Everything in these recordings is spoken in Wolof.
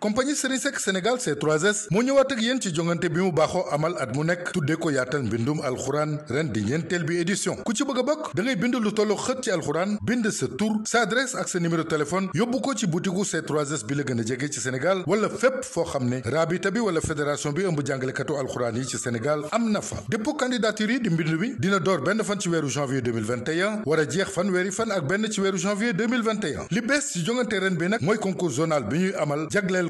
compagnie Serigne Seck Sénégal C3S moo ñëwaat ak yéen ci jongante bi mu baaxoo amal at mu nekk tuddee ko yaatal mbindum alxuraan ren di ñeenteel bi édition ku ci bëgg a bokk da ngay bind lu tollu xët ci alxuraan bind sa tur sa adresse ak sa numéro téléphone yóbbu ko ci butiku c 3 bi la gën a jege ci Sénégal wala fépp foo xam ne raabita bi wala fédération bi ëmb jàngalekatu alxuraan yi ci Sénégal am na fa dépôt candidature yi di mbind bi dina door benn fan ci weeru janvier 2021 war a jeex fan weeri fan ak benn ci weeru janvier 2021 li bees ci jongante mooy concours zonal bi ñuy amal jagleel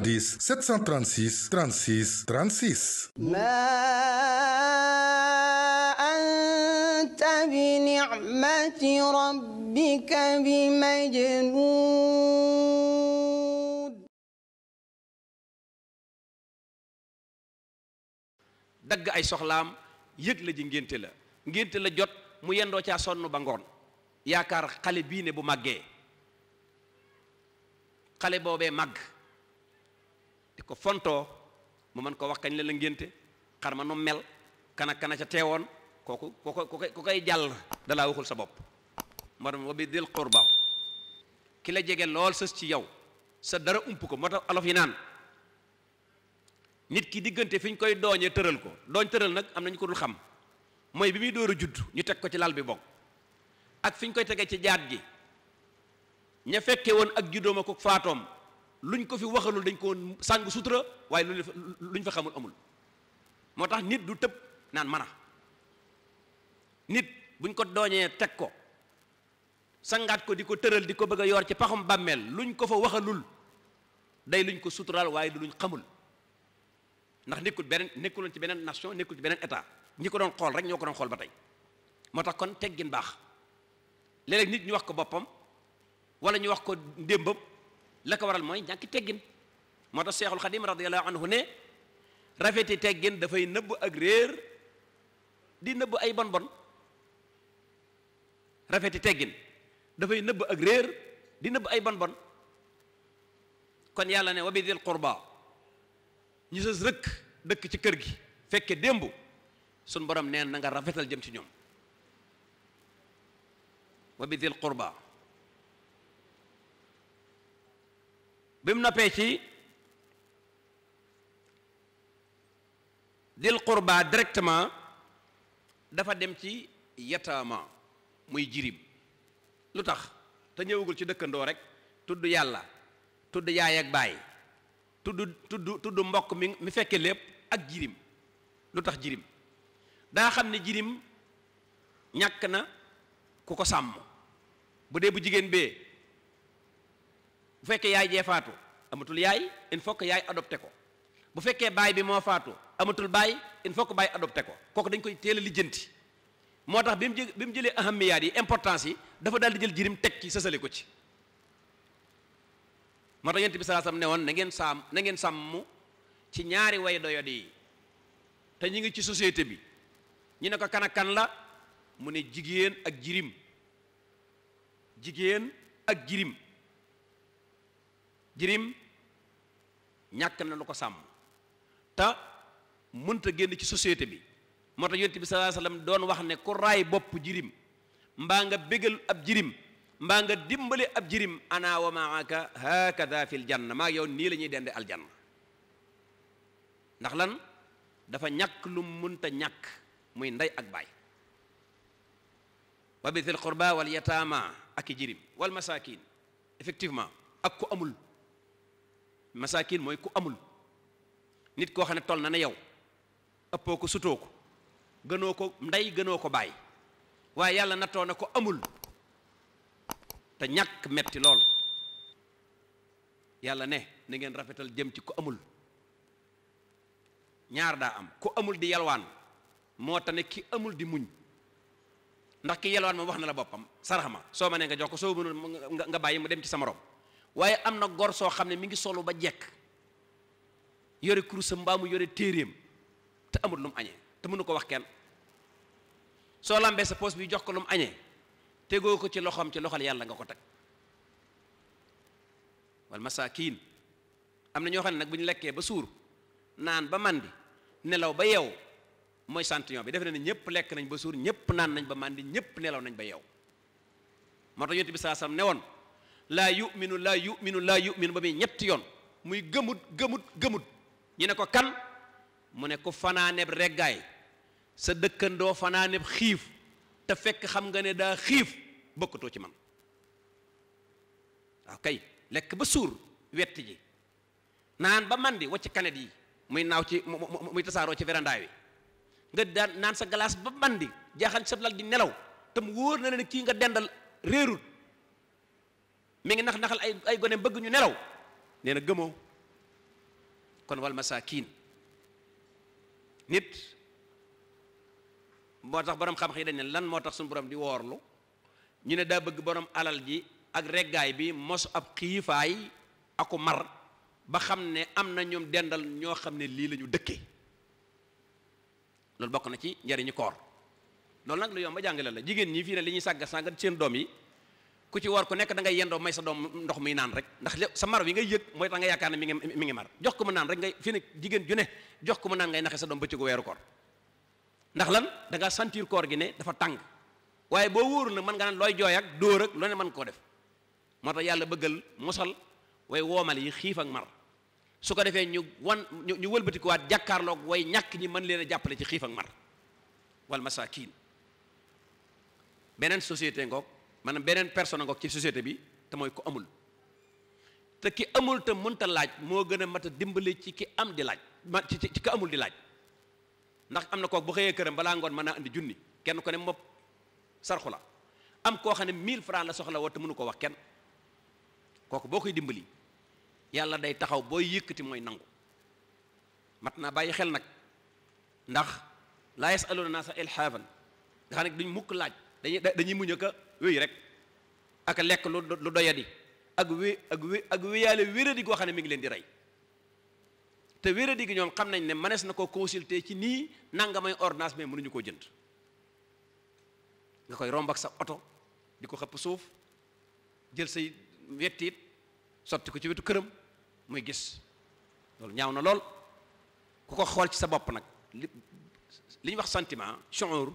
70 736 36 36. dagg ay soxlaam yëg la ji ngénte la ngénte la jot mu yendoo caa sonn ba ngoon yaakaar xale bii ne bu màggee xale boobee màgg di ko fontoo mu mën ko wax kañ la la ngénte xar ma nu mel kana kana ca teewoon kooku kooku ku koy jàll dalaa waxul sa bopp moo tax wa bi dil qurba ki la jege lool sës ci yow sa dara ump ko moo tax alof yi naan nit ki diggante fi ñu koy dooñee tëral ko dooñ tëral nag am nañu ko dul xam mooy bi muy dóor a judd ñu teg ko ci lal bi bokk ak fi ñu koy tegee ci jaat gi ña fekke woon ak juddooma ko faatoom luñ ko fi waxalul dañ ko sàng sutura waaye luñ luñ fa xamul amul moo tax nit du tëb naan mana nit buñ ko dooñee teg ko sangaat ko di ko tëral di ko bëgg a yor ci paxum bàmmeel luñ ko fa waxalul day luñ ko suturaal waaye du luñ xamul ndax nekkul beneen nekkuloon ci beneen nation nekkul ci beneen état ñi ko doon xool rek ñoo ko doon xool ba tey moo tax kon teggin baax léeg nit ñu wax ko boppam wala ñu wax ko démbam la waral mooy ñàkki teggin moo tax seexul xadim radiallahu anhu ne rafeti teggin dafay nëbb ak réer di nëbb ay bon bon rafeti teggin dafay nëbb ak réer di nëbb ay bon kon yàlla ne wa bi dil qurba ñu sës rëkk dëkk ci kër gi fekke démb sun borom neen na nga rafetal jëm ci ñoom wa bi dil bi mu noppee ci dil qurba directement dafa dem ci yataama muy jirim lu tax te ñëwagul ci dëkkandoo rek tudd yàlla tudd yaay ak baay tudd tudd tudd mbokk mi mi fekkee lépp ak jirim lu tax jirim daa xam ne jirim ñàkk na ku ko sàmm bu dee bu jigéen bee bu fekkee yaay jee faatu amatul yaay il faut yaay adopté ko bu fekkee baay bi moo faatu amatul baay in faut que baay adopté ko kooku dañ koy teel a lijjanti moo tax bi mu jë bi mu jëlee yi importance yi dafa daal di jël jirim teg ci sësale ko ci moo tax yent bi sallallahu ne woon na ngeen sàmm na ngeen sàmm ci ñaari way doyodi yi te ñu ngi ci société bi ñu ne ko kan kan la mu ne jigéen ak jirim jigéen ak jirim jirim ñàkk na lu ko sàmm te ta génn ci société bi moo tax yonent bi sallallahu doon wax ne ku raay bopp jirim mbaa nga bégal ab jirim mbaa nga dimbale ab jirim ana wa maaka hakada fil janna maa yow nii la ñuy dende aljanna ndax lan dafa ñàkk lu mënta ñàkk muy ndey ak baay wa bithil qurba wal yataama ak i jirim wal masaakin effectivement ak ku amul masaakin mooy ku amul nit koo xam ne toll na ne yow ëppoo ko sutoo ko gënoo ko ndey gënoo ko bàyyi waaye yàlla nattoo na ko amul te ñàkk metti lool yàlla ne na ngeen rafetal jëm ci ko amul ñaar daa am ku amul di yalwaan moo tax ne ki amul di muñ ndax ki yalwaan moom wax na la boppam sarax ma soo ma ne nga jox ko soo mënul nga bàyyi mu dem ci sa morom waaye am na gor soo xam ne mi ngi solu ba jekk yore kurusam mbaa mu yore téeréem te amul lu mu añee te mënu ko wax kenn soo lambee sa poos bi jox ko lu mu añee tegoo ko ci loxoom ci loxol yàlla nga ko teg wal masaakiin am na ñoo xam ne nag bu ñu lekkee ba suur naan ba màndi nelaw ba yeew mooy santillon bi defe ne ñëpp lekk nañ ba suur ñëpp naan nañ ba màndi ñëpp nelaw nañ ba yeew moo tax yonent bi saa ne woon laa yuminu laa yuminu laa yuminu ba muy ñetti yoon muy gëmut gëmut gëmut ñu ne ko kan mu ne ko fanaaneb reggaay sa dëkkandoo fanaaneb xiif te fekk xam nga ne daa xiif bokkatoo ci man waaw kay lekk ba suur wett ji naan ba mandi wacc kanet yi muy naaw ci muy tasaaroo ci verandaa wi nga daan naan sa galaas ba mandi jaaxal sa lal di nelaw tam wóor na ne kii nga dendal réerut mi ngi nax naxal ay ay gone bëgg ñu nelaw nee na gëmoo kon wal masaakiin nit moo tax borom xam-xam lan moo tax suñu boroom di woorlu ñu ne daa bëgg borom alal ji ak reggaay bi mos ab xiifaay aku mar ba xam ne am na ñoom dendal ñoo xam ne lii la ñu dëkkee loolu bokk na ci njariñu koor loolu nag lu yomb ba jàngale la jigéen ñi fii ne li ñuy sàgga sàggat seen doom yi ku ci woor ku nekk da ngay yendoo may sa doom ndox muy naan rek ndax sa mar wi ngay yëg mooy tax nga yaakaar ne mi ngi mi ngi mar jox ko mu naan rek ngay fi ne jigéen ju ne jox ko mu naan ngay naxe sa doom bëccëgu weeru koor ndax lan danga ngaa sentir koor gi ne dafa tàng waaye boo wóorul nag mën nga naan looy jooy ak dóor ak loo ne mën koo def moo tax yàlla bëggal mosal way woomal yi xiif ak mar su ko defee ñu wan ñu wëlbatikuwaat jàkkaarloog way ñàkk ñi mën leen a jàppale ci xiif ak mar wal masakin beneen société maanaam beneen personne nga ci société bi te mooy ko amul te ki amul te mënta laaj moo gën a mat a dimbali ci ki am di laaj ma ci ki amul di laaj ndax am na kooku bu xëyee këram balaa ngoon mën naa indi junni kenn ko ne mopp sarxu la am koo xam ne 1000 francs la soxla woo te mënu ko wax kenn kooku boo koy dimbali yàlla day taxaw booy yëkkati mooy nangu mat naa bàyyi xel nag ndax laa yasaluna naasa ilhaafan nga xam ne duñ mukk laaj dañuy dañuy muñ wéy rek ak lekk lu lu doyadi ak wé ak wé ak wéyaale wéradi goo xam ne mi ngi leen di rey te wéradi gi ñoom xam nañ ne mënees na koo consulter ci nii nangamay ordonnance mais ñu koo jënd nga koy romb ak sa oto di ko xëpp suuf jël say wettiit sotti ko ci wetu këram muy gis loolu ñaaw na lool ku ko xool ci sa bopp nag li li ñu wax sentiment chonor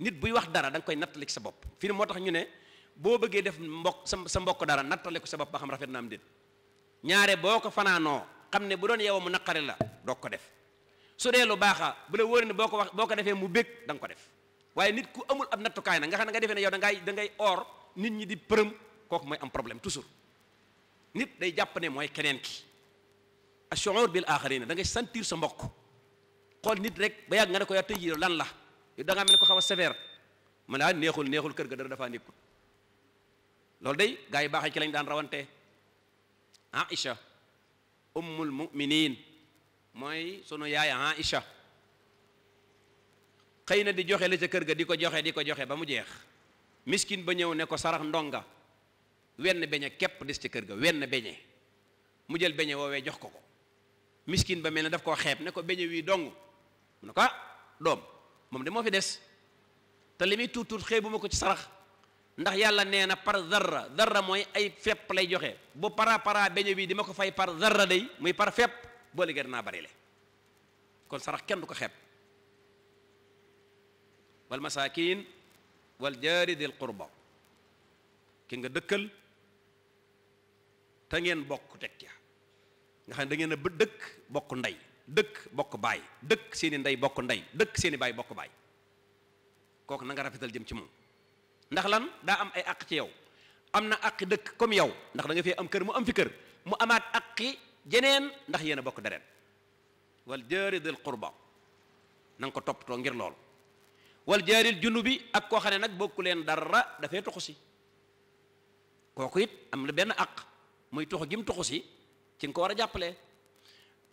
nit buy wax dara danga koy nattale ci sa bopp fi ne moo tax ñu ne boo bëggee def mbokk sa sa mbokk dara nattale ko sa bopp ba xam rafet na am déet ñaare boo ko fanaanoo xam ne bu doon yow mu naqari la doog ko def su dee lu baaxa bu la wóor ne boo ko wax boo ko defee mu bég danga ko def waaye nit ku amul ab nattukaay na nga xam ne nga defee ne yow da ngay da ngay or nit ñi di përëm kooku mooy am problème toujours nit day jàpp ne mooy keneen ki ashuur bil aaxarina da ngay sentir sa mbokk xool nit rek ba nga ne ko yaa tëj lan la da ngaa mel ko xaw a sévère mu ne ah, neexul neexul kër ga dara dafaa nekkul loolu day gaa yi baaxee ci lañ daan rawante Aïcha ummul muminin mooy sunu yaay Aïcha xëy na di joxe la ca kër ga di ko joxe di ko joxe ba mu jeex miskin ba ñëw ne ko sarax ndonga wenn beñe képp des ci kër ga wenn beñe mu jël beñe woowee jox ko ko miskin ba mel na daf koo xeeb ne ko beñe wii dong mu ne ko ah doom moom de moo fi des te li muy tuut tuut xeebu ma ko ci sarax ndax yàlla nee na par zarra zarra mooy ay fepp lay joxe bu para para beño bi di ma ko fay par zarra day muy par fepp boo liggéey danaa bari le kon sarax kenn du ko xeeb wal masaakin wal jaari dil qurba ki nga dëkkal te ngeen bokk teg ca nga xam ne da ngeen dëkk bokk ndey dëkk bokk baay dëkk seeni ndey bokk ndey dëkk seeni baay bokk baay kooku na nga rafetal jëm ci moom ndax lan daa am ay àq ci yow am na àqi dëkk comme yow ndax da nga am kër mu am fi kër mu amaat àqi jeneen ndax yéen bokk deret wal jaari dil qurba na nga ko toppatoo ngir lool wal jaaril bi ak koo xam ne nag bokku leen dara dafay tuxu si kooku it am na benn àq muy tuxu gi mu si ci nga ko war a jàppale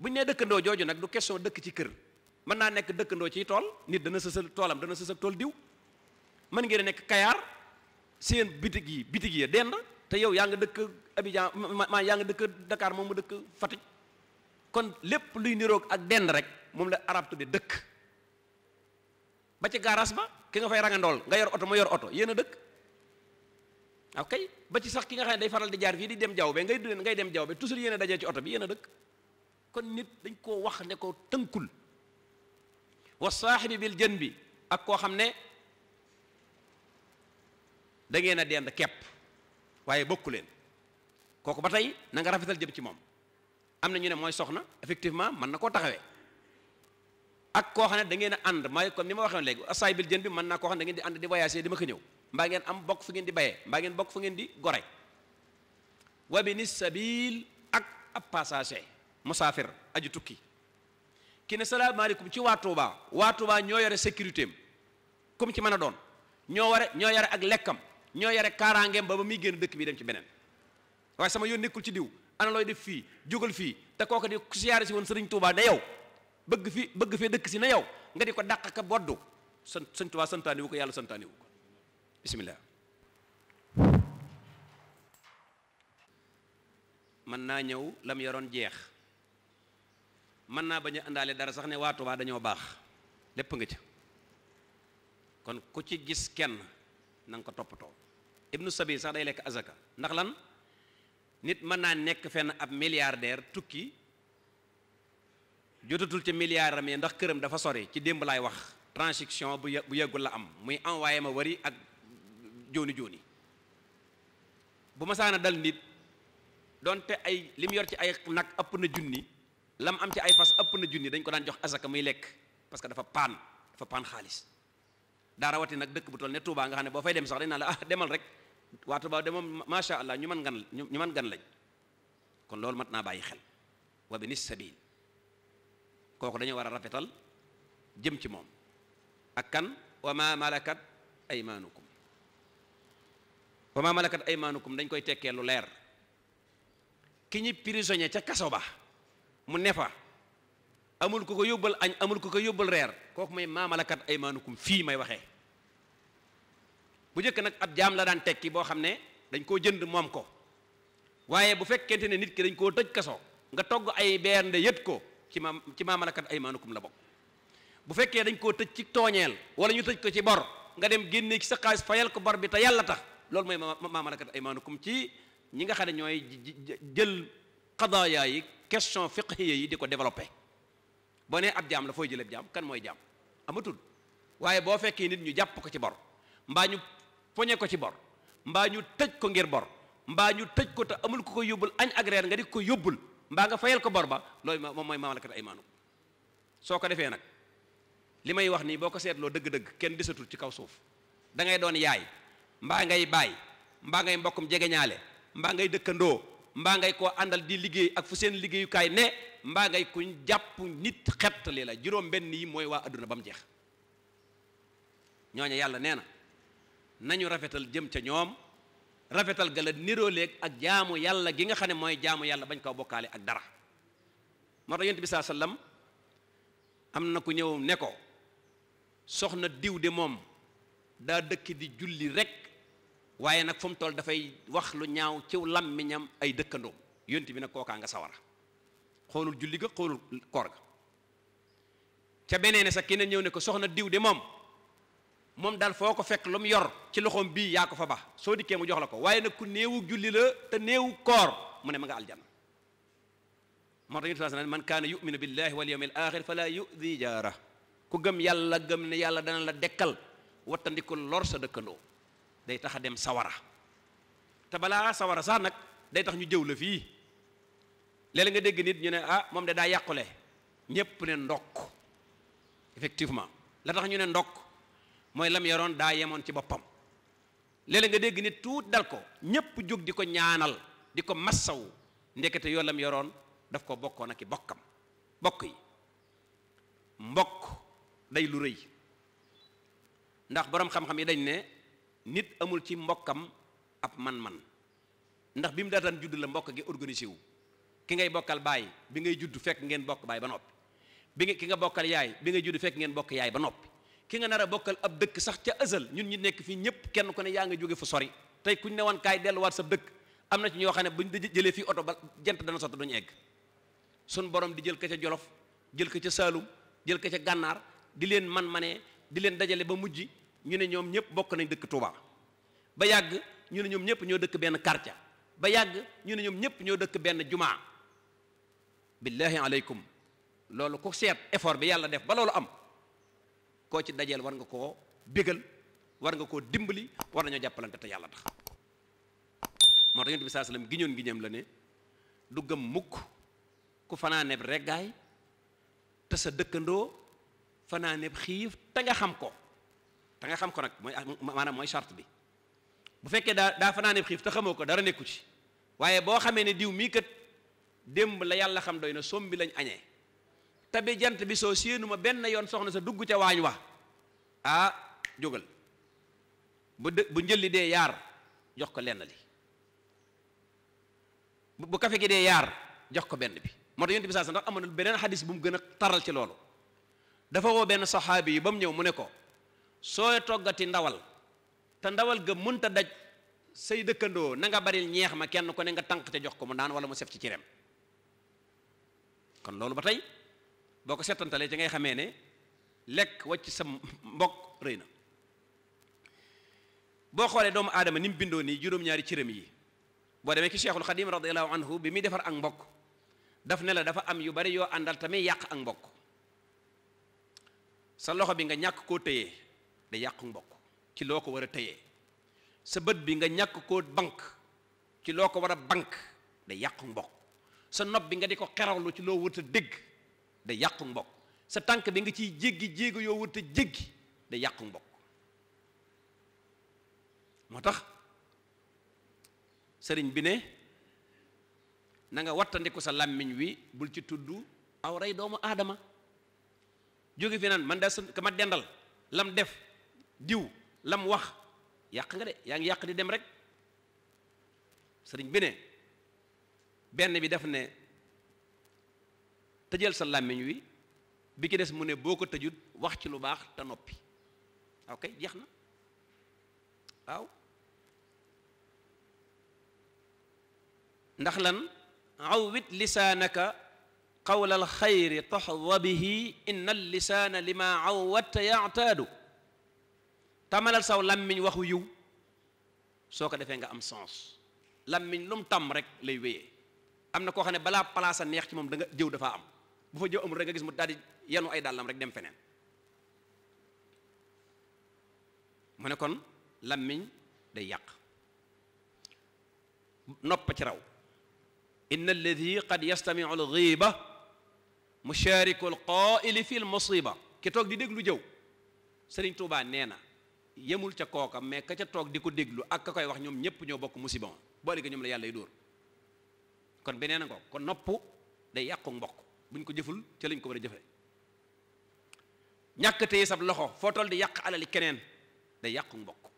bu ñu nee dëkkandoo jooju nag du question dëkk ci kër mën naa nekk dëkkandoo ci tool nit dana sësal toolam dana sësal tool diw mën ngeen nekk kayaar seen bitig yi bitig yi dend te yow yaa nga dëkk Abidjan maa yaa ngi dëkk dakaar moom mu dëkk Fatick kon lépp luy niroog ak dend rek moom la arab tudde dëkk ba ci gaaraas ba ki nga fay rangandool nga yor oto ma yor oto yéen a dëkk ok ba ci sax ki nga xam ne day faral di jaar fii di dem jaww be ngay dajee ci oto bi yéen dëkk kon nit dañ koo wax ne ko tënkul wa saaxibi bil jën bi ak koo xam ne da ngeen a dend kepp waaye bokk leen kooku ba tey na nga rafetal jëm ci moom am na ñu ne mooy soxna effectivement mën na koo taxawee ak koo xam ne da ngeen ànd mooy comme ni ma waxee léegi asaay jën bi mën naa koo xam ne da ngeen di ànd di voyager di ma ko ñëw mbaa ngeen am bokk fu ngeen di bayee mbaa ngeen bokk fu ngeen di gore wa bi ni sabil ak ab passager musaafir aju tukki ki ne salaamaaleykum ci waa Touba waa Touba ñoo yore sécurité am comme ci mën a doon ñoo ware ñoo yore ak lekkam ñoo yore kaaraangeem ba ba muy génn dëkk bi dem ci beneen waaye sama yoon nekkul ci diw ana looy def fii jógal fii te kooku di siyaare si woon sëriñ Touba da yow bëgg fi bëgg fee dëkk si na yow nga di ko dàq ka boddu sant sëñ Touba ko yàlla santaani wu ko bisimilah. mën naa ñëw lam yoroon jeex. mën naa bañ a indaale dara sax ne waa dañoo baax lépp nga ca kon ku ci gis kenn na nga ko toppatoo ibnu sabi sax day lekk azaka ndax lan nit mën naa nekk fenn ab milliardaire tukki jotatul ca milliard am ndax këram dafa sore ci démb laay wax transaction bu bu yàggul la am muy envoyé ma wari ak jooni jooni bu ma saana dal nit donte ay li yor ci ay nag ëpp na junni lam am ci ay fas ëpp na junni dañ ko daan jox asaka muy lekk parce que dafa paan dafa paan xaalis daa rawati nag dëkk bu toll ne Touba nga xam ne boo fay dem sax dañ naan la ah demal rek watu baa de moom macha allah ñu man ngan ñu mën gan lañ kon loolu mat naa bàyyi xel wa bi nis sabil kooku dañu war a rafetal jëm ci moom ak kan wa ma malakat aymaanukum wa ma malakat aymaanukum dañ koy tekkee lu leer ki ñi prisonnier ca kaso ba mu ne fa amul ko ko yóbbal añ amul ku ko yóbbal reer kooku may maamalakat ay maanukum fii may waxe bu njëkk nag ab jaam la daan tekki boo xam ne dañ koo jënd moom ko waaye bu fekkente ne nit ki dañ koo tëj kaso nga togg ay beernde yët ko ci ma ci maamalakat ay maanukum la bokk bu fekkee dañ koo tëj ci tooñeel wala ñu tëj ko ci bor nga dem génne ci sa xaalis fayal ko bor bi te yàlla tax loolu mooy maamalakat ay maanukum ci ñi nga xam ne ñooy jël xadaaya question fiqhiya yi di ko développé boo nee ab jaam la fooy jëlee ab jaam kan mooy jaam amatul waaye boo fekkee nit ñu jàpp ko ci bor mbaa ñu poñe ko ci bor mbaa ñu tëj ko ngir bor mbaa ñu tëj ko te amul ko ko yóbbul añ ak nga di ko yóbbul mbaa nga fayal ko bor ba loolu moom mooy ay aymaanu soo ko defee nag li may wax nii boo ko seetloo dëgg-dëgg kenn desatul ci kaw suuf da ngay doon yaay mbaa ngay baay mbaa ngay mbokkum jegeñaale mbaa ngay dëkkandoo mbaa ngay koo àndal di liggéey ak fu seen liggéeyukaay ne mbaa ngay kuñ jàpp nit xettali la juróom benn yi mooy waa adduna ba mu jeex ñooñu yàlla nee na nañu rafetal jëm ca ñoom rafetal ga la niróoleeg ak jaamu yàlla gi nga xam ne mooy jaamu yàlla bañ koo bokkaale ak dara moo tax yonent bi saa sallam am na ku ñëw ne ko soxna diw de moom daa dëkk di julli rekk waaye nag fu tool dafay wax lu ñaaw ciw làmmiñam ay dëkkandoo yonent bi nag kookaa nga sawara xoolul julli ga xoolul koor ga ca beneen sa keneen ñëw ne ko soxna diw de moom moom daal foo ko fekk lu mu yor ci loxoom bii yaa ko fa baax soo dikkee mu jox la ko waaye nag ku neewu julli la te néewu koor mu ne ma nga aljana moo tax yonent bi man kaana yuminu billahi wal yawmil axir fala yudi jaara ku gëm yàlla gëm ne yàlla dana la dekkal wattandikul lor sa dëkkandoo day tax a dem sawara te balaa sawara sax nag day tax ñu jëw la fii léeg nga dégg nit ñu ne ah moom de daa yàqule ñépp ne ndokk effectivement la tax ñu ne ndokk mooy lam yoroon daa yemoon ci boppam léeg nga dégg nit tuut dal ko ñépp jóg di ko ñaanal di ko massawu ndekete yoo lam yoroon daf ko bokkoon ak i bokkam bokk yi mbokk day lu rëy ndax boroom xam-xam yi dañ ne nit amul ci mbokkam ab man-man ndax bi mu daataan judd la mbokk gi organisé wu ki ngay bokkal baay bi ngay judd fekk ngeen bokk baay ba noppi bi nga ki nga bokkal yaay bi ngay judd ngeen bokk yaay ba noppi ki nga nar a bokkal ab dëkk sax ca ësal ñun ñi nekk fii ñëpp kenn ku ne yaa nga jóge fu sori tey kuñ ne woon kaay delluwaat sa dëkk am na ci ñoo xam ne buñ jëlee fii oto ba jant dana sotti duñu egg sun borom di jël ka ca jolof jël ko ca saalum jël ka ca gànnaar di leen man-manee di leen dajale ba mujj ñu ne ñoom ñëpp bokk nañ dëkk Touba ba yàgg ñu ne ñoom ñëpp ñoo dëkk benn quartier ba yàgg ñu ne ñoom ñëpp ñoo dëkk benn jumaa billahi aleykum loolu ku seet effort bi yàlla def ba loolu am koo ci dajeel war nga koo bégal war nga koo dimbali war nañoo jàppalante te yàlla tax moo tax yonent bi saa sallam giñoon giñam la ne du gëm mukk ku fanaaneeb reggaay te sa dëkkandoo fanaaneeb xiif te nga xam ko te xam ko nag mooy maanaam mooy charte bi bu fekkee daa daa fanaane xiif te xamoo ko dara nekku ci waaye boo xamee ne diw mii kat démb la yàlla xam doy na som bi lañ añee te bi jant bi soo séenu ma benn yoon soxna sa dugg ca waañ wa ah jógal bu dë bu njëlli dee yaar jox ko lenn li bu kafe gi dee yaar jox ko benn bi moo tax yonent bi saa sa ndax amoon beneen xadis bu mu gën a taral ci loolu dafa woo benn saxaabi yi ba mu ñëw mu ne ko soo toggati ndawal te ndawal ga mënta daj say dëkkandoo na nga baril ñeex ma kenn ku ne nga tànq te jox ko mu naan wala mu sef ci cireem kon loolu ba tey boo ko settantalee ci ngay xamee ne lekk wàcc sa mbokk rëy na boo xoolee doomu aadama ni mu bindoo nii juróom-ñaari cëram yi boo demee ci cheikhul xadim radiallahu anhu bi muy defar ak mbokk daf ne la dafa am yu bari yoo àndal tamit yàq ak mbokk sa loxo bi nga ñàkk koo téye da yàqu mbokk ci loo ko war a tëyee sa bët bi nga ñàkk koo bank ci loo ko war a bank da yàqu mbokk sa nopp bi nga di ko xerawlu ci loo wut a dégg da yàqu mbokk sa tànk bi nga ciy jéggi jéego yoo wut a da yàqu mbokk moo tax sëriñ bi ne na nga wattandiku sa làmmiñ wi bul ci tudd aw rey doomu aadama jóge fi naan man daa sa ka ma dendal lam def diw lam wax yàq nga de yaa ngi yàq di dem rek sëriñ bi ne benn bi daf ne tëjal sa làmmiñ wi bi ki des mu ne boo ko tëjut wax ci lu baax te noppi ok jeex na waaw ndax lan awwit lisaanaka qawla alxayri taxda bihi inna allisaana lima awwatta yaataadu tamalal saw làmmiñ waxu yiw soo ko defee nga am sens làmmiñ lu mu tàmm rek lay wéyee am na koo xam ne balaa place a neex ci moom danga nga jëw dafa am bu fa jëw amul rek nga gis mu daal yanu ay dàllam rek dem feneen mu ne kon làmmiñ day yàq nopp ci raw inna alladi qad yastamiu alxiiba mushaariku alqaaili fi almasiba ki toog di déglu jëw sëriñ Tuubaa nee yemul ca kookam mais ka ca toog di ko déglu ak ka koy wax ñoom ñëpp ñoo bokk musibon boole ko ñoom la yàlla y dóor kon beneen a ko kon nopp day yàqu mbokk buñ ko jëful ca lañ ko war a jëfe ñàkk sab loxo foo di yàq alali keneen day yàqu mbokk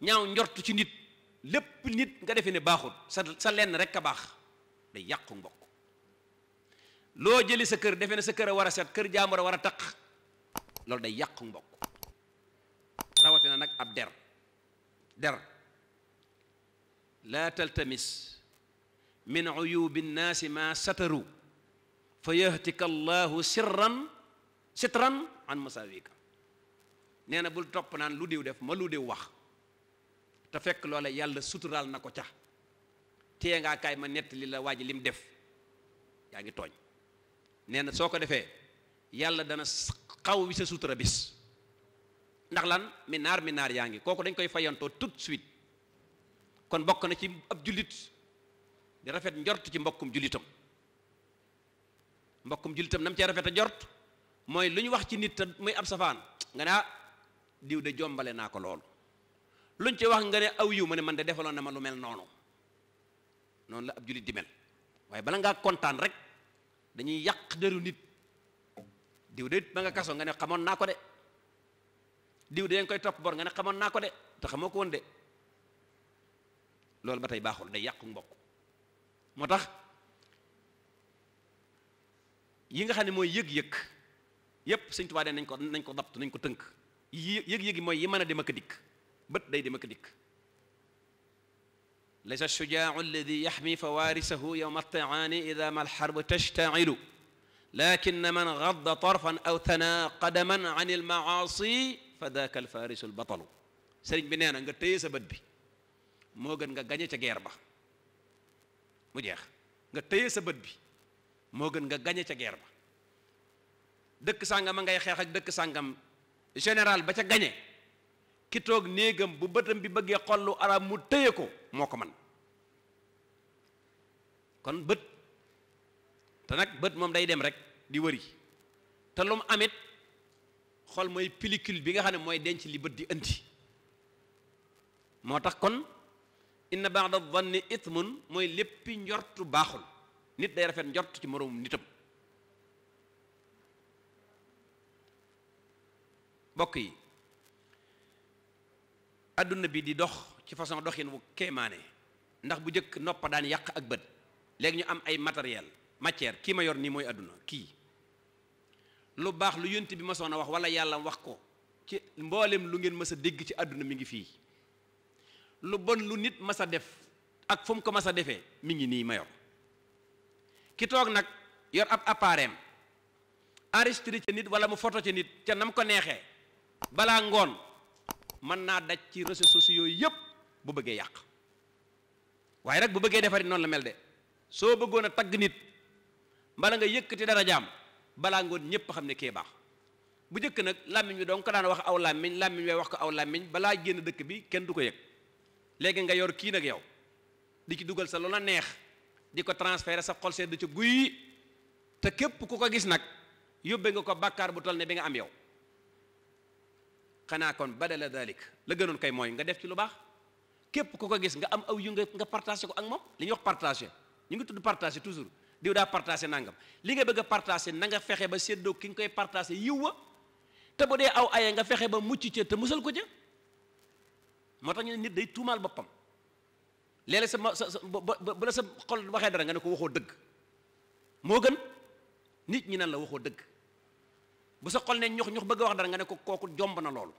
ñaaw njortu ci nit lépp nit nga defee ne baaxul sa sa lenn rek a baax day yàqu mbokk loo jëli sa kër defe na sa kër a war a set kër jaambur a war a taq loolu day yàqu mbokk ab der der laa taltamis min uyubi nnaasi maa sataru fa yahtika allahu sirran sitran an masaawika nee na bul topp naan lu diw def ma lu diw wax te fekk loola yàlla suturaal na ko ca tee ngaa kaay ma nettali la waa ji lim def yaa ngi tooñ nee na soo ko defee yàlla dana xaw wi sutura bis ndax lan mi naar yaa ngi kooku dañ koy fayantoo tout de suite kon bokk na ci ab jullit di rafet njort ci mbokkum jullitam mbokkum jullitam nam cee rafet a mooy lu ñu wax ci nit te muy ab safaan nga ne ah diw de jombale naa ko lool luñ ci wax nga ne aw yiw ma ne man de defaloon na ma lu mel noonu noonu la ab jullit di mel waaye bala ngaa kontaan rek dañuy yàq deru nit diw de ba nga kaso nga ne xamoon naa ko de diw de koy topp bor nga ne xamoon naa ko de te xamoo ko woon de loolu ba tey baaxul day yàqu mbokk moo tax yi nga xam ne mooy yëg-yëg yépp Sëñ Tuubaa de nañ ko nañ ko dapt nañ ko tënk yi yëg-yëg mooy yi mën a dem ak dikk bët day dem ak dikk laysa shujaau alladi yaxmi fawaarisahu yowma taani ida ma alxarbu tashtailu lakin man gadda tarfan aw thana qadaman an almaasi fa daaka al faarisul batalu sëriñ bi nee na nga téye sa bët bi moo gën nga gañe ca guerre ba mu jeex nga téye sa bët bi moo gën nga gañe ca guerre ba dëkk sàngam a ngay xeex ak dëkk sàngam général ba ca gañe ki toog néegam bu bëtam bi bëggee xollu arab mu téye ko moo ko man kon bët te nag bët moom day dem rek di wëri te lu mu amit xol mooy pellicule bi nga xam ne mooy denc li bët di andi moo tax kon inna ba'da dhanni ithmun mooy léppi njortu baaxul nit day rafet njort ci moroomum nitam mbokk yi àdduna bi di dox ci façon doxin wu kéemaane ndax bu jëkk noppa daan yàq ak bët léegi ñu am ay matériel matière kii ma yor nii mooy àdduna kii lu baax lu yonent bi ma soon a wax wala yàlla wax ko ci mbooleem lu ngeen mës a dégg ci àdduna mi ngi fii lu bon lu nit mas a def ak fu mu ko mas a defee mi ngi nii mayor ki toog nag yor ab appareem enregistré ca nit wala mu photo ca nit ca nam ko neexee balaa ngoon mën naa daj ci réseaux sociaux yooyu yëpp bu bëggee yàq waaye nag bu bëggee defarit noonu la mel de soo bëggoon a tagg nit mbala nga yëkkati dara jaam balaa ngoon ñëpp xam ne kee baax bu njëkk nag làmmiñ bi donc ko daan wax aw làmmiñ làmmiñ way wax ko aw làmmiñ balaa génn dëkk bi kenn du ko yëg léegi nga yor kii nag yow di ci dugal sa loola neex di ko transférer sa xol sedd ci guy te képp ku ko gis nag yóbbee nga ko bakkaar bu toll ne bi nga am yow xanaa kon ba de badala dalik la gënoon kay mooy nga def ci lu baax képp ku ko gis nga am aw yu nga nga ko ak moom li ñu wax partagé ñu ngi tudd partagé toujours diw daa partagé nangam li nga bëgg a partagé na nga fexe ba séddoo ki nga koy partagé yiw wa te bu dee aw aye nga fexe ba mucc ca te musal ko ca moo tax ñu ne nit day tuumaal boppam léeg sa sa sa bu sa xol waxee dara nga ne ko waxoo dëgg moo gën nit ñi nan la waxoo dëgg bu sa xol ne bëgg wax dara nga ne ko kooku jomb na loolu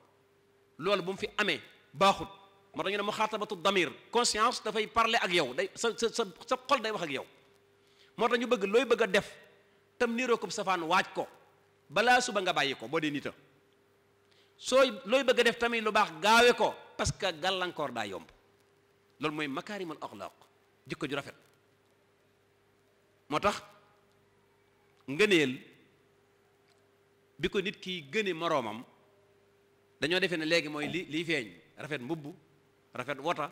loolu bu mu fi amee baaxut moo tax ñu ne mu xaatabatu damir conscience dafay parler ak yow day sa sa sa xol day wax ak yow moo tax ñu bëgg looy bëgg a def tam niiroo ko safaan waaj ko balaa suba nga bàyyi ko boo dee nita sooy looy bëgg a def tamit lu baax gaawe ko parce que gàllankoor daa yomb loolu mooy makaarimul axlaaq jikko ju rafet moo tax ngëneel bi ko nit ki gëne moroomam dañoo defee ne léegi mooy li liy feeñ rafet mbubb rafet wota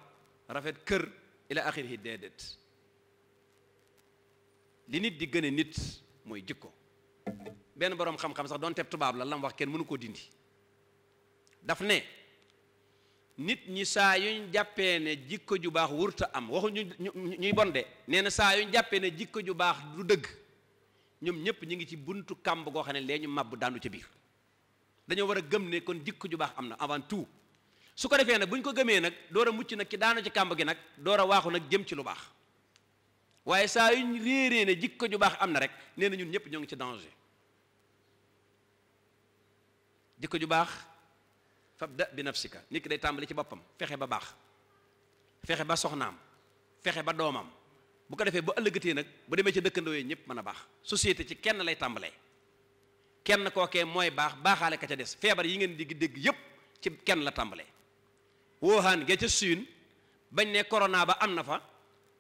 rafet kër ila axirihi déedéet li nit di gën a nit mooy jikko benn boroom xam-xam sax doon teb tubaab la lam wax kenn mënu koo dindi daf ne nit ñi saa yuñ jàppee ne jikko ju baax wurta am waxu ñu ñuy bonde nee na saa yuñ jàppee ne jikko ju baax du dëgg ñoom ñëpp ñu ngi ci buntu kàmb goo xam ne lee ñu màbb daanu ca biir dañoo war a gëm ne kon jikko ju baax am na avant tout su ko defee nag bu ñu ko gëmee nag door a mucc nag ci daanu ci kàmb gi nag door a waaxu nag jëm ci lu baax waaye saa yuñ réeree ne jikko ju baax am na rek nee na ñun ñëpp ñoo ngi ca danger jikko ju baax fabda bi nafsika nit ki day tàmbali ci boppam fexe ba baax fexe ba soxnaam fexe ba doomam bu ko defee ba ëllëgatee nag bu demee ci dëkkandoo yi ñëpp mën a baax société ci kenn lay tàmbalee kenn kookee mooy baax baaxaale ka ca des feebar yi ngeen digg dégg yëpp ci kenn la tàmbalee Wuhan ga ca Chine bañ ne corona ba am na fa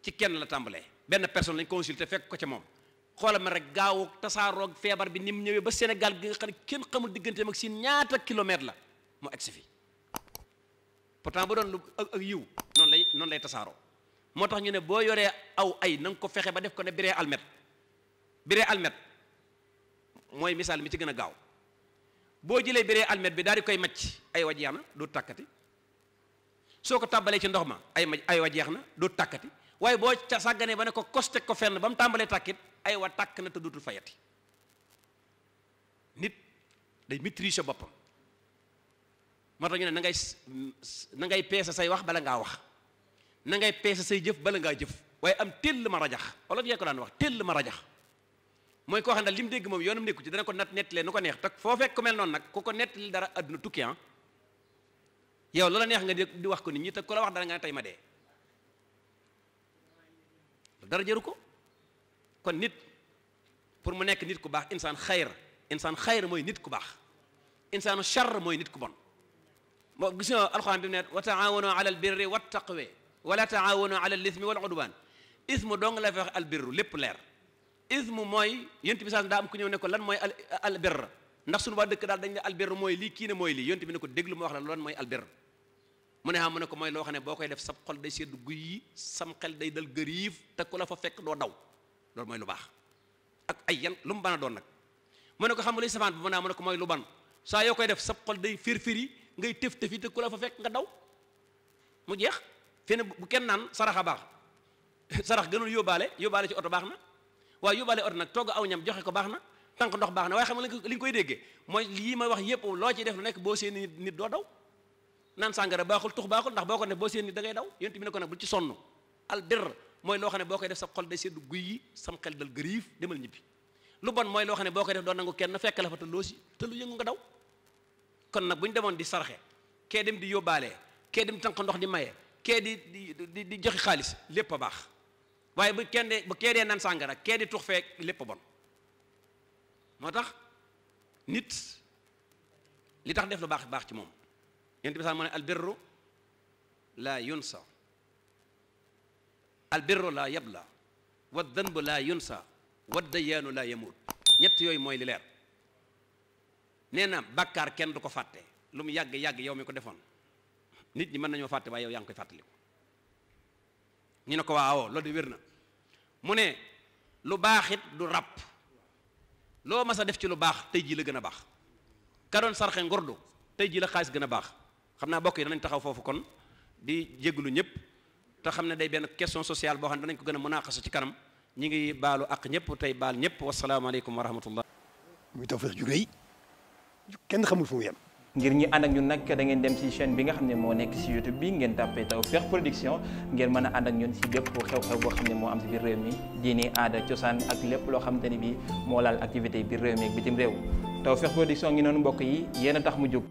ci kenn la tàmbalee benn personne lañ consulté fekk ko ca moom xoolal ma rek gaawu tasaaroo feebar bi ni mu ñëwee ba Sénégal gi nga xam ne kenn xamul digganteem ak si ñaata kilomètre la mu agsi fi pourtant bu doon ak ak yiw noonu lay noonu lay tasaaroo moo tax ñu ne boo yoree aw ay nang ko fexe ba def ko ne biree almet biree almet mooy misaal mi ci gën a gaaw boo jëlee biree almet bi daal di koy macc ay wa jeex na doo tàkkati soo ko tàbbalee ci ndox ma ay ma ay wa na doo tàkkati waaye boo ca sàgganee ba ne ko koste ko fenn ba mu tàmbalee tàkkit ay wa tàkk na te dutul fayati nit day maîtriser boppam moo tax ñu ne na ngay na ngay peese say wax bala ngaa wax na ngay peese say jëf bala ngaa jëf waaye am tell ma rajax wala yee ko daan wax tell ma rajax mooy koo xam ne li mu dégg moom yoonam nekku ci dana ko nat nettalee nu ko neex tak foo fekk ku mel noonu nag ku ko nettali dara adduna tukki ah. yow loola neex nga di wax ko nit ñi te ku la wax dara nga ne ma dee dara jëru ko kon nit pour mu nekk nit ku baax insaan xayr insaan xayr mooy nit ku baax insaanu char mooy nit ku bon moo gis nga alxuraan bi mu ne wa taawanu ala albirri wa taqwe wala taawanu ala lismi wal udwaan ismu dong la feex albirru lépp leer ismu mooy yonent bi sax daa am ku ñëw ne ko lan mooy albirr ndax suñu waa dëkk daal dañ ne albirr mooy lii kii ne mooy lii yonent bi ne ko déglu ma wax la lan mooy albirr mu ne ah mu ne ko mooy loo xam ne boo koy def sab xol day sedd guy yi sam xel day dal gëriif te ku la fa fekk doo daw loolu mooy lu baax ak ay yan lu mu ban doon nag mu ne ko xam nga luy safaan bi mu ne ah mu ne ko mooy lu ban saa yoo koy def sab xol day firfir yi ngay tëf tëf yi te ku la fa fekk nga daw mu jeex fene bu kenn naan saraxa baax sarax gënul yóbbaale yóbbaale ci oto baax na waaye yóbbaale oto nag togg aw ñam joxe ko baax na tànk ndox baax na waaye xam nga li nga koy déggee mooy lii ma wax yépp loo ciy def lu nekk boo seen nit doo daw naan sàngara baaxul tux baaxul ndax boo ko ne boo seen ni da daw yonent bi ne ko nag bul ci sonn al birr mooy loo xam ne boo koy def sa xol day seddu guy yi sam xel dal gëriif demal ñibbi lu bon mooy loo xam ne boo koy def doon nangu kenn fekk la fa te loosi te lu yëngu nga daw kon nag bu ñu demoon di sarxe kee dem di yóbbaale kee dem tànq ndox di maye kee di di xaalis lépp a baax waaye bu kenn bu kee dee sàngara kee di tux fee lépp a bon moo tax nit li tax def lu baax baax ci moom yonent bi sax mu ne albirru laa yunsa albirru laa yabla wa danbu laa yunsa wa yenu laa yamuut ñett yooyu mooy li leer nee na bàkkaar kenn du ko fàtte lu mu yàgg-yàgg yow mi ko defoon nit ñi mën nañoo fàtte waaye yow yaa ngi koy fàttaliku ñu ne ko waawoo loolu de wér na mu ne lu baaxit it du ràpp loo mas a def ci lu baax tey ji la gën a baax ka doon sarxe ngordu tey ji la xaalis gën a baax xam naa bokk yi danañ taxaw foofu kon di jéglu ñëpp te xam ne day benn question sociale boo xam ne danañ ko gën a mënaaxasu ci kanam ñi ngi baalu ak ñëpp tey baal ñëpp wasalaamaaleykum wa rahmatullah muy tawfeex ju rëy kenn xamul fu mu yem ngir ñu ànd ak ñun nag da ngeen dem ci chaîne bi nga xam ne moo nekk ci YouTube bi ngeen taw Tawfekh Production ngeen mën a ànd ak ñun ci bépp xew-xew boo xam ne moo am ci biir réew mi diini aada cosaan ak lépp loo xamante ni bi moo laal activité biir réew mi ak bitim réew Tawfekh Production ngi noonu mbokk yi yéen a mu jóg